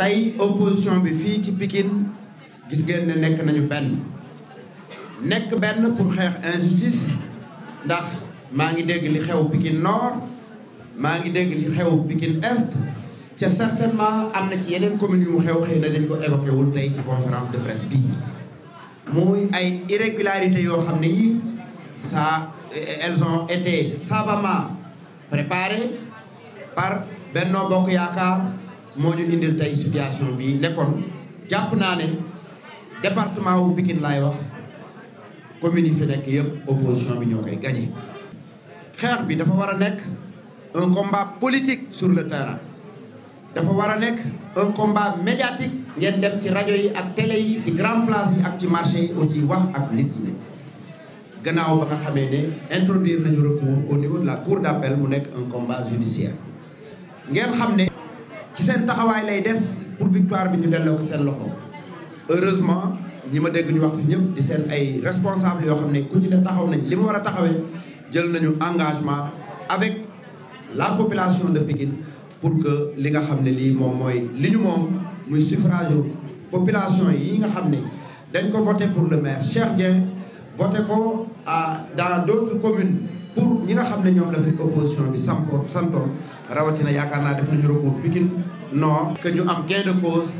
tay opposition bi fi ci Pikine gis ngeen ne nek nañu ben nek ben pour xeex injustice ndax maa ngi dégg li xew Pikine Nord maa ngi dégg li xew Pikine Est ca certainement am na ci yeneen communes yu mu xew xëy na dañ ko évoqué wul tey ci conférence de presse bi muy ay irrégularités yoo xam ne yi ça elles ont été savamment préparées par Benno Bokk Yaakaar moñu ñu indil tey situation bi nekkoon japp na né département wu Pikine lay wax commune fi nek yépp opposition bi ñoo koy gagné. xex bi dafa wara nek un combat politique sur le terrain dafa wara nek un combat médiatique ngeen dem ci radio yi ak télé yi ci grand place yi ak ci marché yi aussi wax ak nit ñi gannaaw ba nga xamee ne introduire nañu recours au niveau de la cour d'appel mu nekk un combat judiciaire ngeen xam ne ci seen taxawaay lay des pour victoire bi ñu delloo ko seen loxo heureusement ñi ma dégg ñu wax fi ñëpp di seen ay responsable yoo xam ne ku ci ne taxaw nañ li ma war a taxawee jël nañu engagement avec la population de Pikine pour que li nga xam ne lii moom mooy li ñu moom muy suffrage population yi nga xam ne dañ ko voté pour le maire Cheikh Dieng voté ko à dans d'autres communes pour ñi nga xam ne ñoom la fi opposition bi sampo santoon rawatina yaakaar naa def nañu recours Pikine non que ñu am gain de cause